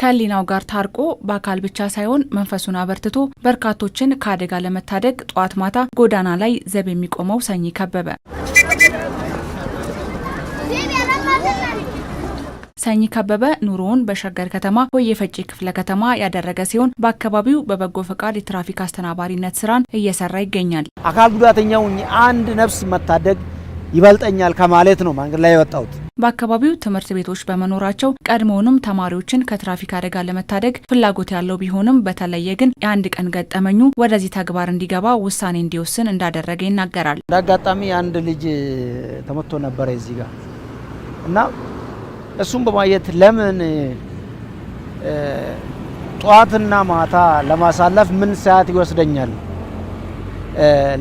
ከህሊናው ጋር ታርቆ በአካል ብቻ ሳይሆን መንፈሱን አበርትቶ በርካቶችን ከአደጋ ለመታደግ ጠዋት ማታ ጎዳና ላይ ዘብ የሚቆመው ሰኝ ከበበ። ሰኝ ከበበ ኑሮውን በሸገር ከተማ ሆየ ክፍለ ከተማ ያደረገ ሲሆን በአካባቢው በበጎ ፈቃድ የትራፊክ አስተናባሪነት ስራን እየሰራ ይገኛል። አካል ጉዳተኛው አንድ ነፍስ መታደግ ይበልጠኛል ከማለት ነው መንገድ ላይ የወጣሁት። በአካባቢው ትምህርት ቤቶች በመኖራቸው ቀድሞውንም ተማሪዎችን ከትራፊክ አደጋ ለመታደግ ፍላጎት ያለው ቢሆንም በተለየ ግን የአንድ ቀን ገጠመኙ ወደዚህ ተግባር እንዲገባ ውሳኔ እንዲወስን እንዳደረገ ይናገራል። እንደ አጋጣሚ አንድ ልጅ ተመቶ ነበረ እዚህ ጋር እና እሱም በማየት ለምን ጠዋትና ማታ ለማሳለፍ ምን ሰዓት ይወስደኛል?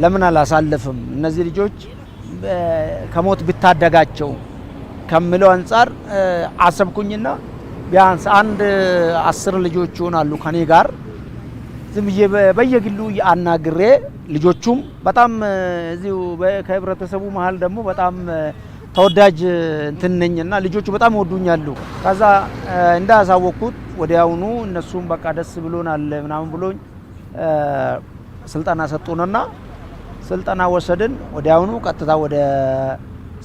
ለምን አላሳልፍም? እነዚህ ልጆች ከሞት ብታደጋቸው ከምለው አንጻር አሰብኩኝና ቢያንስ አንድ አስር ልጆች ይሆናሉ ከኔ ጋር ዝም ብዬ በየግሉ አናግሬ ልጆቹም በጣም እዚሁ ከህብረተሰቡ መሀል ደግሞ በጣም ተወዳጅ እንትን ልጆቹ በጣም ወዱኛሉ። ከዛ እንዳያሳወቅኩት ወዲያውኑ እነሱም በቃ ደስ ብሎናል ምናምን ብሎኝ ስልጠና ሰጡንና ስልጠና ወሰድን። ወዲያውኑ ቀጥታ ወደ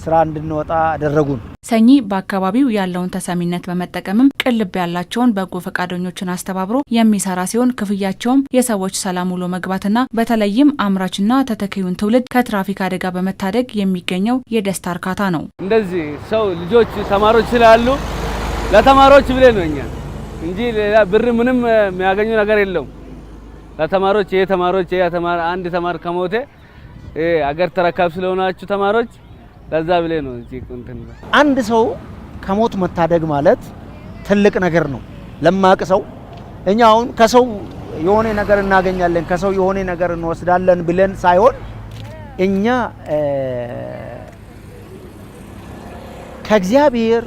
ስራ እንድንወጣ አደረጉን። ሰኚ በአካባቢው ያለውን ተሰሚነት በመጠቀምም ቅልብ ያላቸውን በጎ ፈቃደኞችን አስተባብሮ የሚሰራ ሲሆን ክፍያቸውም የሰዎች ሰላም ውሎ መግባትና በተለይም አምራችና ተተኪውን ትውልድ ከትራፊክ አደጋ በመታደግ የሚገኘው የደስታ እርካታ ነው። እንደዚህ ሰው ልጆች ተማሪዎች ስላሉ ለተማሪዎች ብለን ነው እኛ እንጂ ሌላ ብር ምንም የሚያገኙ ነገር የለውም። ለተማሪዎች ይሄ ተማሪዎች ይሄ አንድ ተማር ከሞተ አገር ተረካቢ ስለሆናችሁ ተማሪዎች ለዛ ብሌ ነው እዚህ እንትን አንድ ሰው ከሞት መታደግ ማለት ትልቅ ነገር ነው። ለማቅ ሰው እኛ አሁን ከሰው የሆነ ነገር እናገኛለን ከሰው የሆነ ነገር እንወስዳለን ብለን ሳይሆን እኛ ከእግዚአብሔር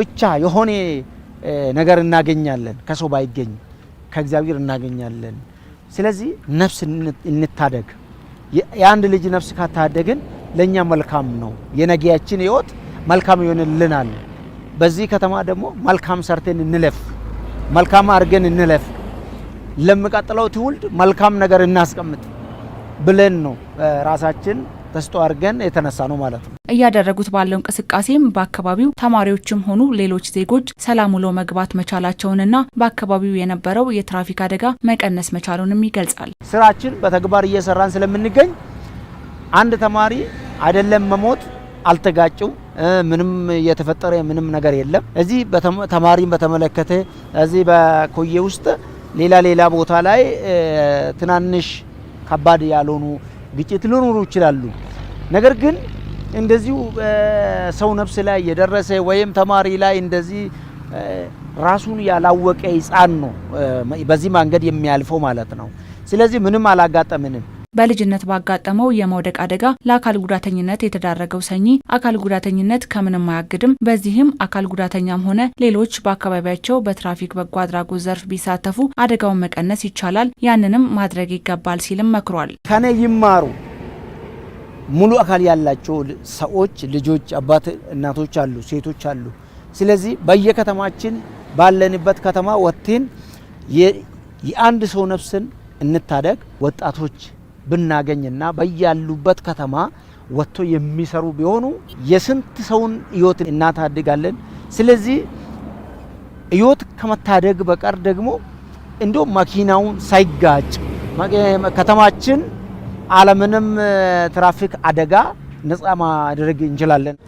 ብቻ የሆነ ነገር እናገኛለን። ከሰው ባይገኝ ከእግዚአብሔር እናገኛለን። ስለዚህ ነፍስ እንታደግ። የአንድ ልጅ ነፍስ ካታደግን ለእኛ መልካም ነው። የነገያችን ህይወት መልካም ይሆንልናል። በዚህ ከተማ ደግሞ መልካም ሰርተን እንለፍ፣ መልካም አድርገን እንለፍ፣ ለሚቀጥለው ትውልድ መልካም ነገር እናስቀምጥ ብለን ነው ራሳችን ተስጦ አድርገን የተነሳ ነው ማለት ነው። እያደረጉት ባለው እንቅስቃሴም በአካባቢው ተማሪዎችም ሆኑ ሌሎች ዜጎች ሰላም ውሎ መግባት መቻላቸውንና በአካባቢው የነበረው የትራፊክ አደጋ መቀነስ መቻሉንም ይገልጻል። ስራችን በተግባር እየሰራን ስለምንገኝ አንድ ተማሪ አይደለም መሞት አልተጋጩም። ምንም የተፈጠረ ምንም ነገር የለም። እዚህ ተማሪን በተመለከተ እዚህ በኮዬ ውስጥ ሌላ ሌላ ቦታ ላይ ትናንሽ ከባድ ያልሆኑ ግጭት ሊኖሩ ይችላሉ። ነገር ግን እንደዚሁ ሰው ነፍስ ላይ የደረሰ ወይም ተማሪ ላይ እንደዚህ ራሱን ያላወቀ ሕፃን ነው በዚህ መንገድ የሚያልፈው ማለት ነው። ስለዚህ ምንም አላጋጠምንም። በልጅነት ባጋጠመው የመውደቅ አደጋ ለአካል ጉዳተኝነት የተዳረገው ሰኚ አካል ጉዳተኝነት ከምንም አያግድም፣ በዚህም አካል ጉዳተኛም ሆነ ሌሎች በአካባቢያቸው በትራፊክ በጎ አድራጎት ዘርፍ ቢሳተፉ አደጋውን መቀነስ ይቻላል፣ ያንንም ማድረግ ይገባል ሲልም መክሯል። ከኔ ይማሩ ሙሉ አካል ያላቸው ሰዎች ልጆች፣ አባት እናቶች አሉ፣ ሴቶች አሉ። ስለዚህ በየከተማችን ባለንበት ከተማ ወጥተን የአንድ ሰው ነፍስን እንታደግ። ወጣቶች ብናገኝና በያሉበት ከተማ ወጥቶ የሚሰሩ ቢሆኑ የስንት ሰውን ህይወት እናታድጋለን። ስለዚህ ህይወት ከመታደግ በቀር ደግሞ እንዲሁም መኪናውን ሳይጋጭ ከተማችን አለምንም ትራፊክ አደጋ ነፃ ማድረግ እንችላለን።